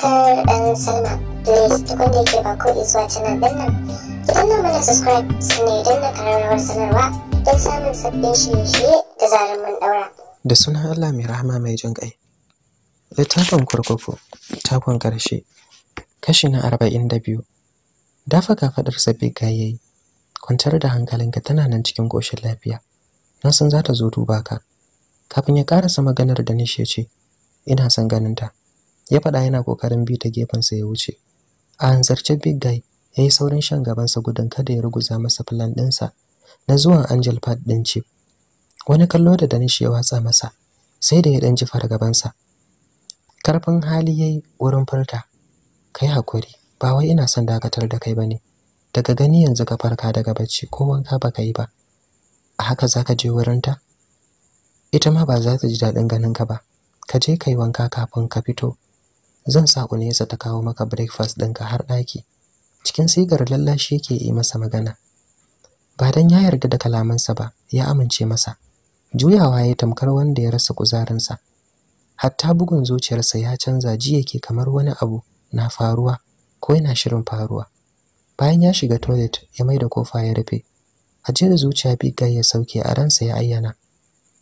subscribe and sign up. Please tukunde ke ba ko zuwa canal din nan. Ki danna mana subscribe sannan idan na karar sanarwa don samun sabbin shirye-shirye da zarar mun daura. Da sunan Allah mai rahama mai jin ƙai. Littafin kurkuku, takon ƙarshe, kashi na arba'in da biyu. Dafa kafaɗar sabbi yayi kwantar da hankalinka tana nan cikin ƙoshin lafiya. Na za ta zo duba ka. Kafin ya ƙarasa maganar da nishe ce, ina son ganin ta. ya faɗa yana kokarin bi ta gefensa ya wuce a hanzarce big guy ya yi saurin shan gabansa gudun kada ya ruguza masa filan ɗinsa na zuwan angel pad ɗin chip wani kallo da danish ya watsa masa sai da ya ɗan ji fargabansa karfin hali ya yi wurin furta kai hakuri ba wai ina son dakatar da kai ba ne daga gani yanzu ka farka daga bacci ko wanka ba ka yi ba a haka za ka je ta? ita ma ba za ta ji daɗin ganin ka ba ka je ka yi wanka kafin ka fito zan sa nesa ta kawo maka breakfast ɗinka har ɗaki cikin sigar lallashi yake yi masa magana ba don ya yarda da kalamansa ba ya amince masa juyawa ya tamkar wanda ya rasa kuzarinsa hatta bugun zuciyarsa ya canza ji yake kamar wani abu na faruwa ko yana shirin faruwa bayan ya shiga toilet ya maida kofa ya rufe ajiyar zuciya biga ya sauke a ransa ya ayyana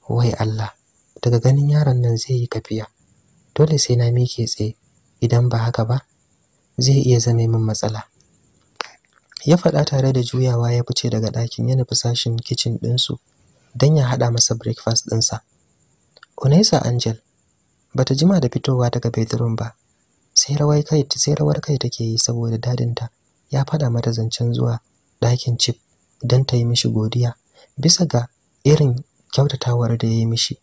wai Allah daga ganin yaron nan zai yi kafiya dole sai na mike tsaye idan ba haka ba zai iya zame min matsala ya faɗa tare da juyawa ya fice daga ɗakin ya nufi sashin kicin ɗinsu don ya haɗa masa breakfast ɗinsa unaisa angel ba ta jima da fitowa daga bedroom ba sai rawar kai sai rawar kai take yi saboda dadinta ya faɗa mata zancen zuwa ɗakin chip don ta yi mishi godiya bisa ga irin kyautatawar da ya yi mishi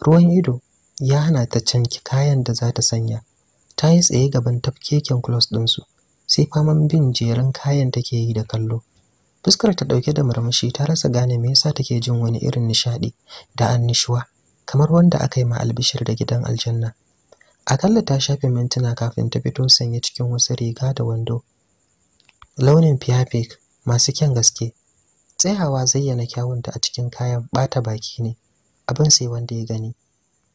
ruwan ido ya hana ta canki kayan da za ta sanya ta yi tsaye gaban tafkeken kulos ɗinsu sai faman bin jerin kayan take yi da kallo fuskar ta ɗauke da murmushi ta rasa gane me yasa take jin wani irin nishaɗi da annishuwa kamar wanda aka yi ma albishir da gidan aljanna akalla ta shafe mintuna kafin ta fito sanye cikin wasu riga da wando launin fiyafik masu kyan gaske tsayawa zayyana kyawunta a cikin kayan ɓata baki ne abin sai wanda ya gani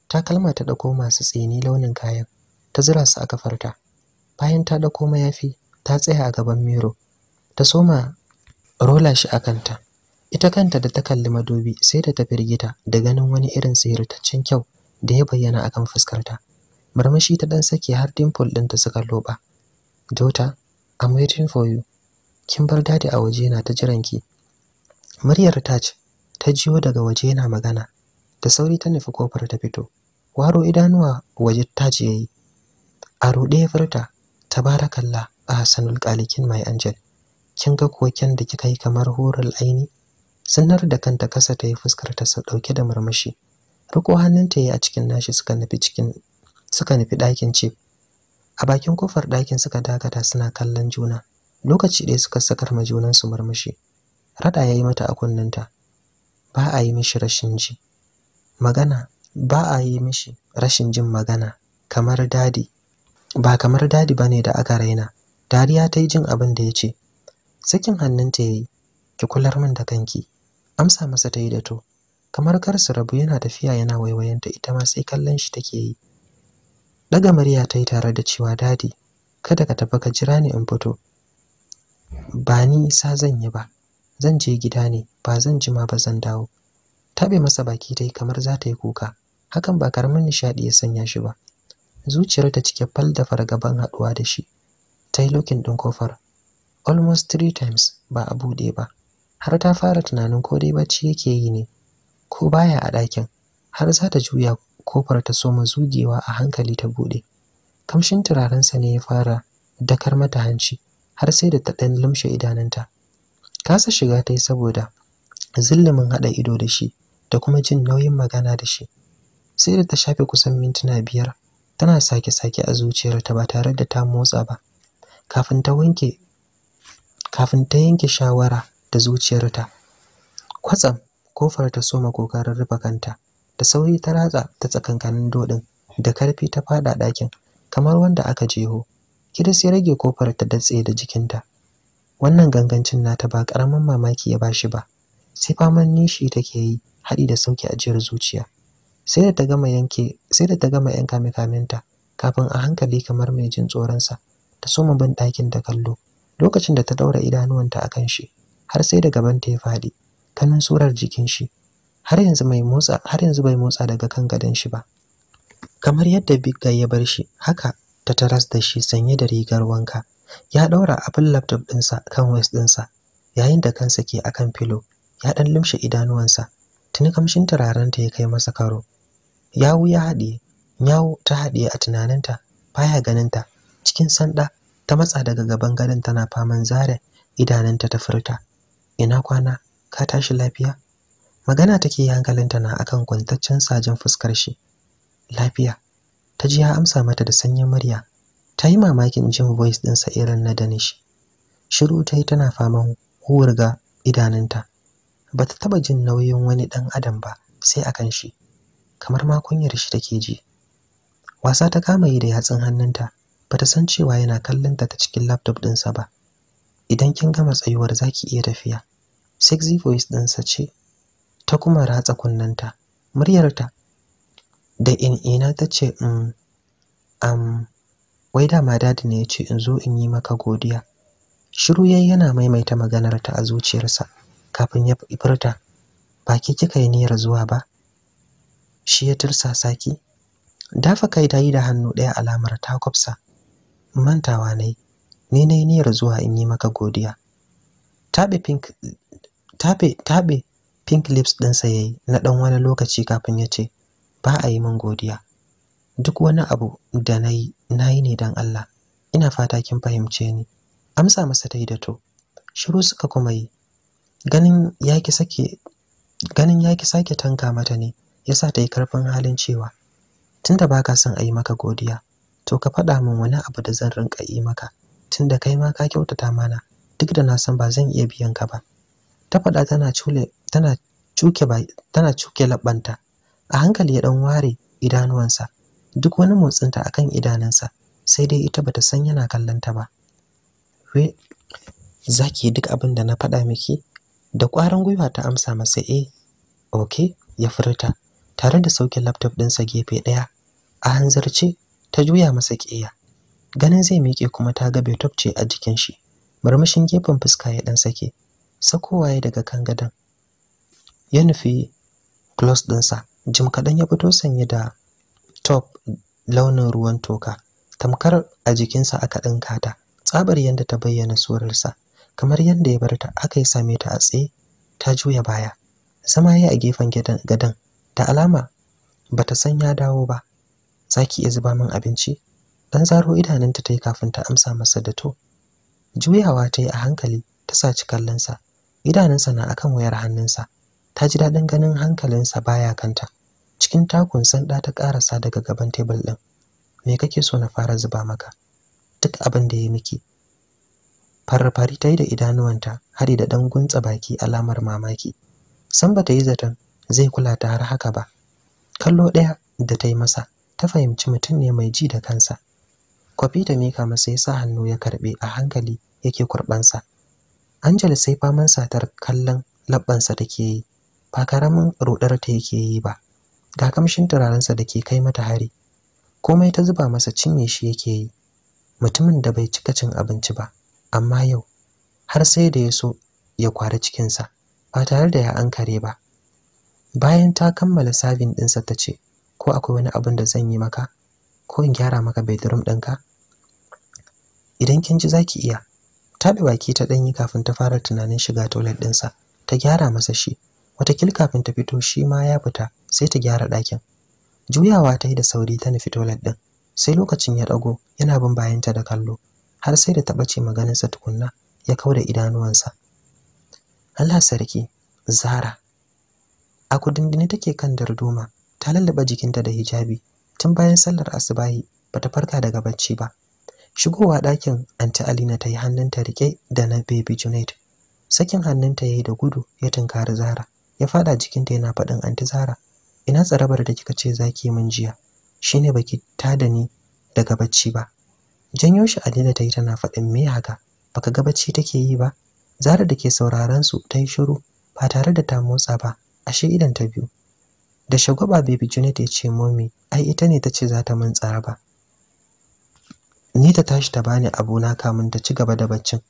takalma ta ɗauko masu tsini launin kayan ta zura su a kafarta bayan ta ɗauko mayafi ta tsaya a gaban miro ta soma rola shi a kanta ita kanta da ta kalli madobi sai da ta firgita da ganin wani irin sihirtaccen kyau da ya bayyana akan fuskarta murmushi ta dan sake har dimple ɗinta suka loba Jota, i'm waiting for you kin bar dadi a waje na ta jiran ki muryar ce ta jiyo daga waje na magana da sauri ta nufi kofar ta fito waro idanuwa waje ce yayi a ruɗe farta tabarakallah a ahsanul kalikin mai angel kin ga koken da kika yi kamar horal aini sanar da kanta kasa ta yi fuskar ta dauke da murmushi riko hannunta yayi a cikin nashi suka nufi cikin suka nufi ɗakin ce a bakin kofar ɗakin suka dakata suna kallon juna lokaci ɗaya suka sakar ma junansu murmushi rada yayi mata a kunninta ba a yi mishi rashin ji magana ba a yi mishi rashin jin magana kamar dadi ba kamar dadi ne da aka raina dariya ta yi jin abin da ya ce sakin hannunta ya yi ki kular min da kanki amsa masa ta yi da to kamar kar su rabu yana tafiya yana waiwayanta ita ma sai kallon shi take yi daga murya ta yi tare da cewa dadi kada ka tafi ka jira ni in fito ba ni sa zan yi ba zan je gida ne ba zan jima ba zan dawo taɓe masa baki ta yi kamar za ta yi kuka hakan ba karamin nishaɗi ya sanya shi ba zuciyar ta cike fal da fargaban haɗuwa da shi ta yi lokin ɗin kofar almost three times ba a buɗe ba har ta fara tunanin ko dai bacci yake yi ne ko baya a ɗakin har za ta juya kofar ta soma zugewa a hankali ta buɗe kamshin turarensa ne ya fara dakar mata hanci har sai da ta ɗan lumshe idanunta kasa shiga ta yi saboda zillumin haɗa ido da shi da kuma jin nauyin magana da shi sai da ta shafe kusan mintuna biyar tana sake-sake a zuciyarta ba tare da ta motsa ba kafin ta wanke kafin ta yanke shawara da zuciyarta kwatsam kofar ta soma kokarin rufe kanta da sauri ta ratsa ta tsakankanin dodin da karfi ta fada ɗakin kamar wanda aka jeho kiris ya rage kofar ta datse da jikinta wannan gangancin nata ba ƙaramin mamaki ya bashi ba sai faman nishi take yi haɗi da sauki ajiyar zuciya sai da ta gama yanke sai da ta gama yanka mikaminta kafin a hankali kamar mai jin tsoronsa ta soma bin ɗakin da kallo lokacin da ta ɗaura idanuwanta akan shi har sai da gabanta ya faɗi kanin surar jikin shi har yanzu mai motsa har yanzu bai motsa daga kan gadon shi ba kamar yadda Big Guy ya bar shi haka ta taras da shi sanye da rigar wanka ya ɗaura abin laptop ɗinsa kan waist ɗinsa yayin da kansa ke akan filo ya ɗan lumshe idanuwansa tuni kamshin turarenta ya kai masa karo yawu ya haɗe yawu ta haɗe a tunaninta baya ganinta cikin sanda ta matsa daga gaban gadon tana faman zare idanunta ta furta ina kwana ka tashi lafiya magana take hankalinta na akan kwantaccen sajin fuskar shi lafiya ta ji ya amsa mata da sanyin murya ta yi mamakin jin voice ɗinsa irin na danish shiru ta yi tana faman huwurga idanunta ba ta taɓa jin nauyin wani ɗan adam ba sai akan shi kamar ma kunyar shi take ji wasa ta kama yi da yatsun hannunta bata san cewa yana kallon ta ta cikin laptop ɗinsa ba idan kin gama tsayuwar zaki iya tafiya sexy voice ɗinsa ce ta kuma ratsa kunnanta muryarta da in ina ta ce um, um, wai da ma dadi ne ya ce in zo in yi maka godiya shiru yayi yana maimaita maganar ta a zuciyarsa kafin ya furta ba ke kika yi niyyar zuwa ba shi ya tursa ki dafa kai ta yi da hannu ɗaya alamar ta kwafsa mantawa nayi ni yi niyyar zuwa in yi maka godiya tabe pink tabe tabe pink lips ɗinsa yayi na ɗan wani lokaci kafin ya ce ba a yi min godiya duk wani abu da nayi nayi ne dan Allah ina fata kin fahimce ni amsa masa ta yi da to shiru suka kuma yi ganin yaki sake ganin yaki sake tanka mata ne yasa ta yi karfin halin cewa tunda baka son a yi maka godiya to ka faɗa min wani abu da zan rinka yi maka tunda kai ma ka kyautata mana duk da na san ba zan iya biyan ka ba ta faɗa tana cule tana cuke ba tana cuke labbanta a hankali ya dan ware idanuwansa duk wani motsinta akan idanunsa sai dai ita bata san yana kallonta ba we zaki duk abin da na faɗa miki da ƙwarin gwiwa ta amsa masa eh okay ya furta tare da sauke laptop ɗinsa gefe ɗaya a hanzarce ta juya masa ƙeya ganin zai miƙe kuma ta ga betop ce a jikin shi murmushin gefen fuska ya ɗan sake sakowa ya daga kan gadon ya nufi close ɗinsa jim kaɗan ya fito sanye da top launin ruwan toka tamkar a jikinsa aka ɗinka kata, tsabar yadda ta bayyana surarsa kamar yadda ya bar ta aka yi same ta a tsaye ta juya baya zama ya a gefen gadon da alama bata san ya dawo ba zaki iya zuba min abinci dan zaro idanunta tayi kafin ta amsa masa da to juyawa ta yi a hankali ta saci kallonsa idanunsa na akan wayar hannunsa ta ji daɗin ganin hankalinsa baya kanta cikin takun san sanda ta karasa daga gaban tebul ɗin me kake so na fara zuba maka duk abin da ya miki farfari ta da idanuwanta hari da dan guntsa baki alamar mamaki san ta yi zaton zai kula ta har haka ba kallo ɗaya da ta yi masa ta fahimci mutum ne mai ji da kansa kwafi da mika masa ya sa hannu ya karɓe a hankali yake kurɓansa angel sai faman satar kallon labbansa take yi ba karamin rudar ta yake yi ba ga kamshin turarensa da ke kai mata hari komai ta zuba masa cinye shi yake yi mutumin da bai cika cin abinci ba amma yau har sai da ya so ya kwari cikinsa ba tare da ya ankare ba bayan ta kammala sabin ɗinsa ta ce ko akwai wani abin da zan yi maka ko in gyara maka bedroom ɗinka idan kin ji zaki iya taɓe baki ta ɗanyi kafin ta fara tunanin shiga toilet ɗinsa ta gyara masa shi watakil kafin ta fito shi ma ya fita sai ta gyara ɗakin juyawa ta yi da sauri ta nufi toilet ɗin sai lokacin ya ɗago yana bin bayanta da kallo har sai da ta ɓace maganinsa tukunna ya kauda idanuwansa Allah sarki Zara a kudindini take kan darduma ta lallaba jikinta da hijabi tun bayan sallar asubahi bata farka daga bacci ba shigowa ɗakin anti alina ta yi hannunta rike da na baby junaid sakin hannunta ya yi da gudu ya tunkari zara ya fada jikinta yana faɗin anti zara ina tsarabar da kika ce zaki min jiya shine baki ta da ni daga bacci ba janyo shi alina ta yi tana faɗin me haka baka ga bacci take yi ba zara da ke sauraron su ta yi shiru ba tare da ta motsa ba ashe idan ta biyu da shagwaba baby Junet ya ce mommy ai ita ne ta ce za ta min ba. ni ta tashi ta bani abu abuna kamun ta ci gaba da baccin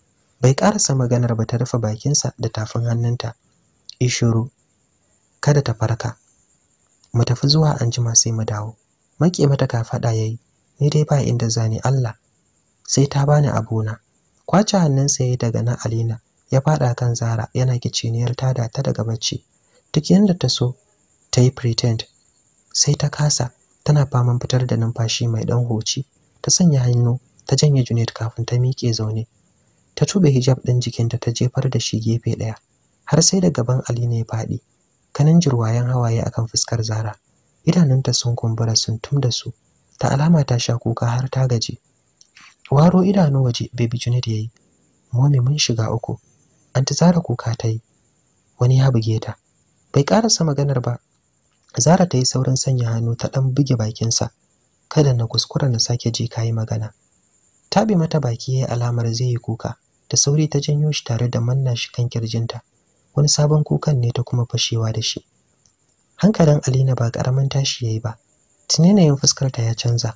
bai karasa maganar ba ta rufe bakinsa da tafin hannunta ishuru kada ta farka mu tafi zuwa anjima sai mu dawo make mata fada yayi ni dai ba inda zani Allah sai ta bani abu na kwace hannunsa yayi daga na Alina ya fada kan Zara yana kiciniyar tada ta daga bacci duk yanda ta so ta yi pretend sai ta kasa tana faman fitar da numfashi mai ɗan hoci ta sanya hannu ta janye junet kafin ta miƙe zaune ta tube hijab ɗin jikinta ta jefar da shi gefe ɗaya har sai da gaban Ali ne faɗi kanan jirwayen hawaye akan fuskar Zara idanunta sun kumbura sun tum da su ta alama ta sha kuka har ta gaji waro idanu waje baby ya yayi momi mun shiga uku anti Zara kuka ta yi wani ya buge ta bai karasa maganar ba zara ta yi saurin sanya hannu ta ɗan buge bakinsa kada na kuskura na sake ji kayi magana Ta bi mata baki yayi alamar zai yi kuka da sauri ta janyo shi tare da manna shi kan kirjinta wani sabon kukan ne ta kuma fashewa da shi hankalin alina ba karamin tashi ya yi ba tunanayin fuskarta ya canza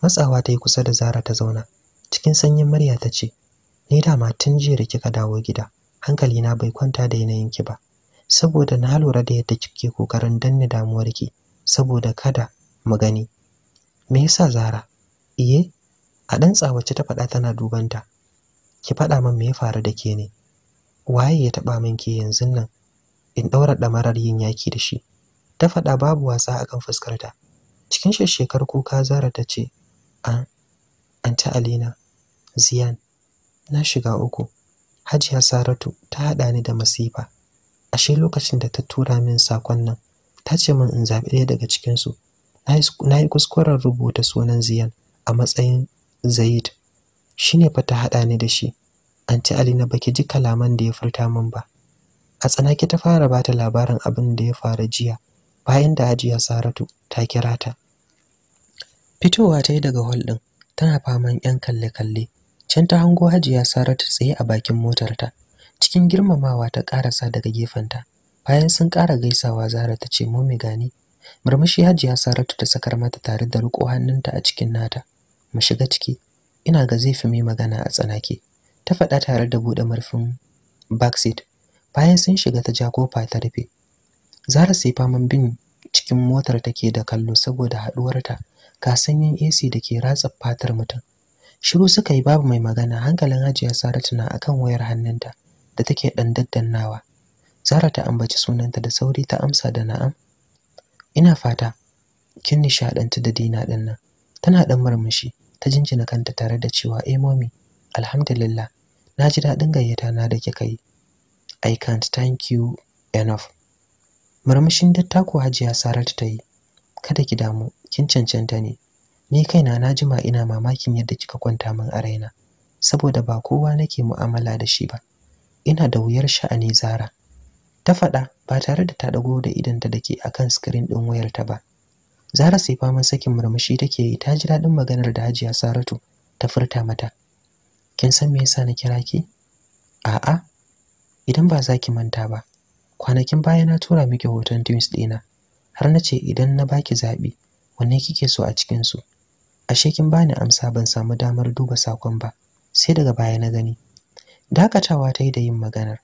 matsawa ta yi kusa da zara ta zauna cikin sanyin murya ta ce ni ma tun jiya da kika dawo gida hankalina bai kwanta da yanayinki ba saboda na lura da yadda kike kokarin danne damuwar ki saboda kada mu gani me yasa Zara iye a dan tsawace ta faɗa tana dubanta ki faɗa min me ya faru da ke ne waye ya taɓa min ke yanzu nan in ɗaura ɗamarar yin yaki da shi ta faɗa babu wasa akan fuskarta cikin shekar kuka Zara ta ce an anti Alina Ziyan na shiga uku Hajiya Saratu ta haɗa ni da masifa ashe lokacin da ta tura min sakon nan ta ce min in zaɓi ɗaya daga cikinsu na yi kuskuren rubuta sunan ziyan a matsayin zayid shi ne fa ta haɗa ni da shi anti ali na baki ji kalaman da ya furta min ba a tsanaki ta fara bata labarin abin da ya faru jiya bayan da ajiya saratu ta kira ta fitowa ta yi daga hol ɗin tana faman 'yan kalle-kalle can ta hango hajiya saratu tsaye a bakin motarta cikin girmamawa ta karasa daga gefenta bayan sun ƙara gaisawa zara ta ce momi gani murmushi hajiya saratu ta sakar mata tare da riko hannunta a cikin nata mu shiga ciki ina ga zai fi mai magana a tsanake ta faɗa tare da buɗe murfin backseat bayan sun shiga ta ja kofa ta rufe zara sai faman bin cikin motar take da kallo saboda haɗuwarta ka sanyin AC da ke ratsa fatar mutum shiru suka yi babu mai magana hankalin hajiya saratu na akan wayar hannunta da take ɗan daddannawa. Zara ta ambaci sunanta da sauri ta amsa da na'am. Ina fata kin nishaɗantu da dina ɗin nan. Tana ɗan murmushi ta jinjina kanta tare da cewa eh mommy alhamdulillah naji ji daɗin gayyata na da kika yi. I can't thank you enough. Murmushin dattako Hajiya Saratu ta yi. Kada ki damu, kin cancanta ne. Ni kaina na jima ina mamakin yadda kika kwanta min a raina, saboda ba kowa nake mu'amala da shi ba. ina da wuyar sha'ani zara ta faɗa ba tare da ta ɗago da idanta da ke akan sikirin ɗin wayarta ba zara sai faman sakin murmushi take yi ta ji daɗin maganar da hajiya saratu ta furta mata kin san me yasa na kira ki a'a idan ba za ki manta ba kwanakin baya na tura miki hoton twins ɗina har na ce idan na baki zaɓi wanne kike so a cikinsu ashe kin bani amsa ban samu damar duba sakon ba sai daga baya na gani dakatawa ta yi da yin maganar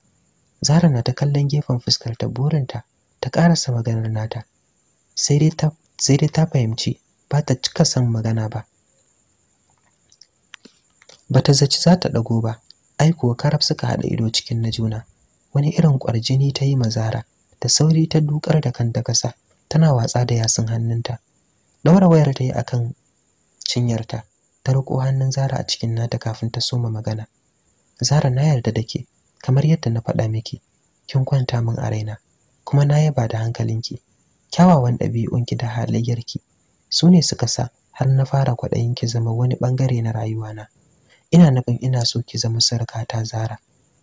zara na ta kallon gefen fuskar ta burinta ta karasa maganar nata sai dai ta fahimci ba ta cika son magana ba Ba ta zaci za ta dago ba ai kuwa karab suka hada ido cikin na juna wani irin ƙwarjini ta yi mazara da sauri ta dukar da kanta kasa tana watsa da yasin hannunta daura wayar ta yi akan cinyarta ta riko hannun zara a cikin nata kafin ta soma magana Zara na yarda da ke kamar yadda na faɗa miki kin kwanta min a raina kuma na yaba da hankalinki kyawawan ɗabi'unki da halayyarki su ne suka sa har na fara kwaɗayin ki zama wani ɓangare na rayuwana ina nufin ina so ki zama surukata Zara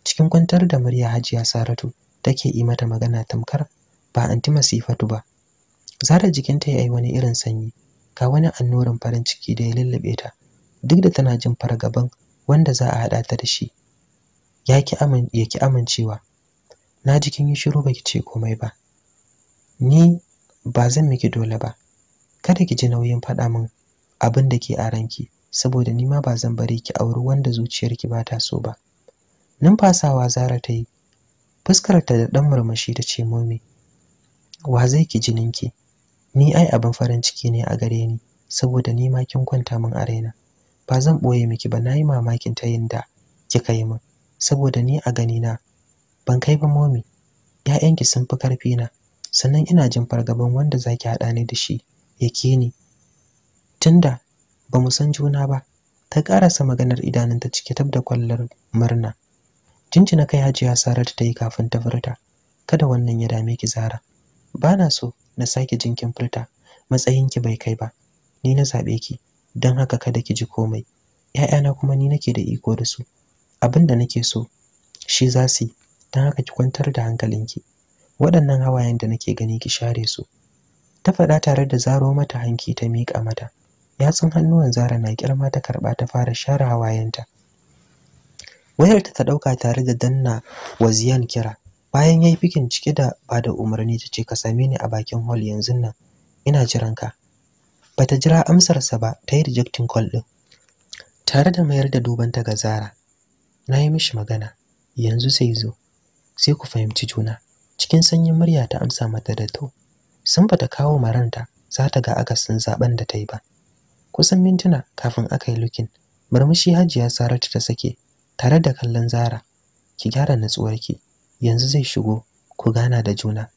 cikin kwantar da murya Hajiya Saratu take yi mata magana tamkar ba anti Masifatu ba Zara jikinta ya yi wani irin sanyi ga wani annorin farin ciki da ya lullube ta duk da tana jin fargaban wanda za a haɗa ta da shi ya ki amincewa na ji kin yi shiru baki ce komai ba ni ba zan miki dole ba kada ki ji nauyin faɗa min abin da ke a ranki saboda ni ma ba zan bari ki auri wanda zuciyarki ba ta so ba numfasawa zara ta yi fuskarta da ɗan murmushi ta ce momi wa zai ki jininki ni ai abin farin ciki ne a gare ni saboda ni ma kin kwanta min a raina ba zan ɓoye miki ba na yi mamakin ta yin da kika yi min saboda ni a ganina ban kai ba momi ‘ya'yanki sun fi ƙarfina sannan ina jin fargaban wanda za ki haɗa ni da shi ya ke ni tunda ba mu san juna ba ta ƙarasa maganar idanunta cike tab da kwallar murna jinjina kai hajiya saratu ta yi kafin ta furta kada wannan ya dame ki zara ba na so na sake jinkin furta matsayinki bai kai ba ni na zaɓe ki don haka kada ki ji komai ‘ya'yana kuma ni nake da iko da su abin da nake so shi za su yi don haka ki kwantar da hankalinki waɗannan hawayen da nake gani ki share su ta faɗa tare da zaro mata hanki ta miƙa mata yatsun hannuwan zara na kirma ta karɓa ta fara share hawayenta wayarta ta ɗauka tare da danna waziyan kira bayan ya yi fikin cike da ba da umarni ta ce ka same ni a bakin hall yanzu nan ina jiran ka bata jira amsarsa ba ta yi rejectin call ɗin tare da mayar da duban ta ga zara na yi mishi magana yanzu sai zo sai ku fahimci juna cikin sanyin murya ta amsa mata da to sun bata kawo maranta za ta ga akasin zaben da ta yi ba kusan mintuna kafin aka yi lukin murmushi hajiya saratu ta sake tare da kallon zara ki gyara natsuwarki yanzu zai shigo ku gana da juna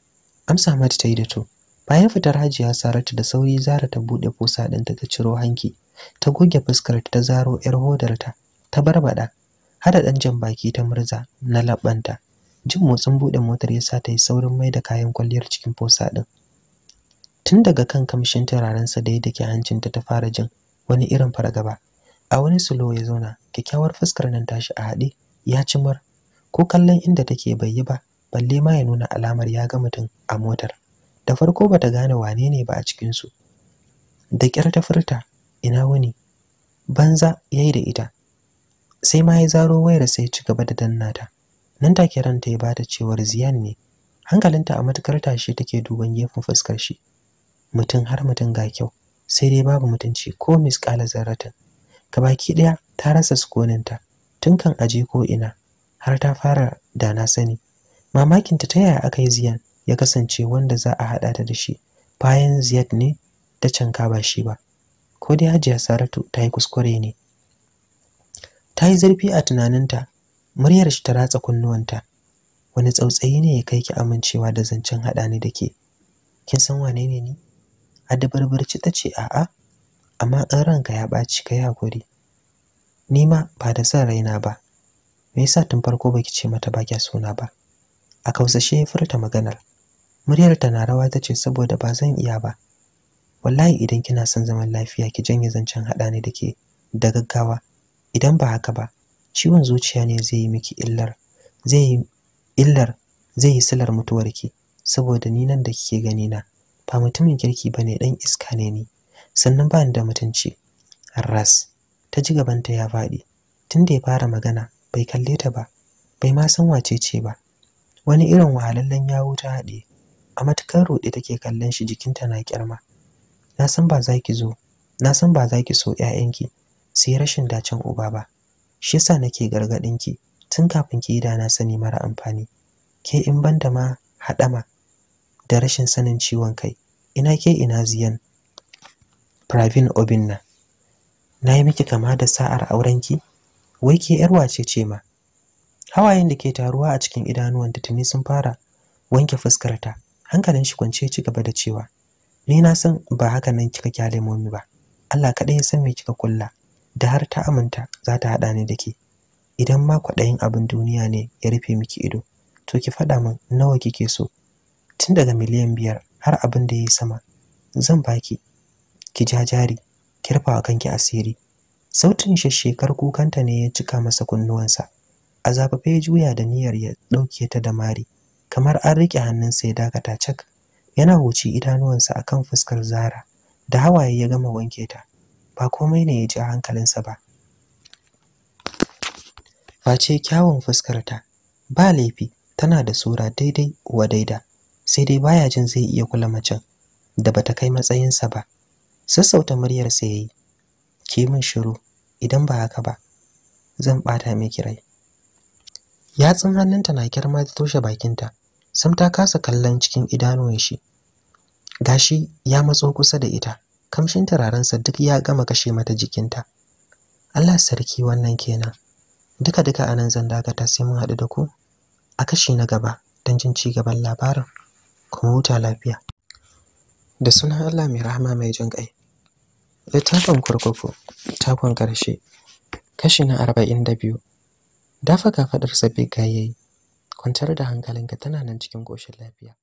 amsa mata ta yi da to bayan fitar hajiya saratu da sauri zara ta buɗe fusa ɗinta ta ciro hanki ta goge fuskar ta zaro 'yar hodarta ta barbada hada ɗan jan baki ta murza na labanta, jin motsin buɗe motar yasa ta yi saurin mai da kayan kwalliyar cikin fosa ɗin tun daga kan kamshin turarensa da da ke hancinta ta fara jin wani irin fargaba a wani sulo ya zauna kyakkyawar fuskar nan tashi a haɗe ya ci mar ko kallon inda take bai ba balle ma ya nuna alamar ya ga mutum a motar da farko bata gane wane ne ba a cikin su da ƙyar ta furta ina wani banza yayi da ita sai ma ya zaro wayar sai ci gaba da danna ta nan take ranta ya bata cewar ziyan ne hankalinta a matukar tashi take duban gefen fuskar shi mutum har mutum ga kyau sai dai babu mutunci ko miskala Ka baki ɗaya ta rasa sukoninta tun kan aje ko ina har ta fara da na sani mamakinta ta yaya aka yi ziyan ya kasance wanda za a haɗa ta da shi bayan ziyad ne ta canka ba shi ba ko dai hajiya saratu ta yi kuskure ne ta yi zurfi a tunaninta muryar shi ta ratsa kunnuwanta wani tsautsayi ne ya kai ki amincewa da zancen haɗa ni da ke kin san wane ne ni a dabarbarci ta ce a'a amma in ranka ya ɓaci kai hakuri ni ma ba da son raina ba me yasa tun farko baki ce mata ba kya suna ba a kausashe ya furta maganar muryar ta na rawa ta ce saboda ba zan iya ba wallahi idan kina son zaman lafiya ki janye zancen haɗa ni da ke da gaggawa idan ba haka ba ciwon zuciya ne zai yi miki illar zai yi illar zai yi silar mutuwarki saboda ni nan da kike gani na ba mutumin kirki bane dan iska ne ni sannan ba da mutunci ras ta ji gabanta ya faɗi tunda ya fara magana bai kalle ta ba bai ma san wace ce ba wani irin wahalallen yawo ta haɗe a matukar roɗe take kallon shi jikinta na kyarma na san ba za ki zo na san ba za ki so 'ya'yanki sai rashin dacen uba ba shi yasa nake gargadin ki tun kafin ki da na sani mara amfani ke in banda ma hadama da rashin sanin ciwon kai ina ke ina ziyan Pravin Obinna na yi miki kama da sa'ar auren ki wai ke yar wace ce ma hawayen da ke taruwa a cikin idanuwanta tuni sun fara wanke fuskarta hankalin shi kwance ci gaba da cewa ni na san ba haka nan kika kyale momi ba Allah kaɗai ya san me kika kulla da har ta aminta za ta haɗa ni da ke idan ma kwaɗayin abin duniya ne ya rufe miki ido to ki faɗa min nawa kike so tun daga miliyan biyar har abin da ya yi sama zan baki ki ja jari ki rufa wa kanki asiri sautin shasshekar kukanta ne ya cika masa kunnuwansa a zafafe ya juya da niyyar ya ɗauke ta da mari kamar an riƙe hannunsa ya dakata cak yana huci idanuwansa akan fuskar zara da hawaye ya gama wanke ta ba komai ne ya ji a hankalinsa ba face kyawun fuskarta ba laifi tana da sura daidai wa daida sai dai baya jin zai iya kula macen da ba ta kai matsayinsa ba sassauta muryar ya yi. Ke min shiru idan ba haka ba zan ɓata mai rai yatsun hannunta na girma ta toshe bakinta sam ta kasa kallon cikin idanuwan shi gashi ya matso kusa da ita kamshin turarensa duk ya gama kashe mata jikinta Allah sarki wannan kenan duka duka anan zan dakata sai mun haɗu da ku a kashi na gaba don jin ci gaban labarin kuma huta lafiya da sunan Allah mai rahama mai jin ƙai littafin kurkuku takon ƙarshe kashi na arba'in da biyu dafa kafaɗar sabbi yayi kwantar da hankalinka tana nan cikin ƙoshin lafiya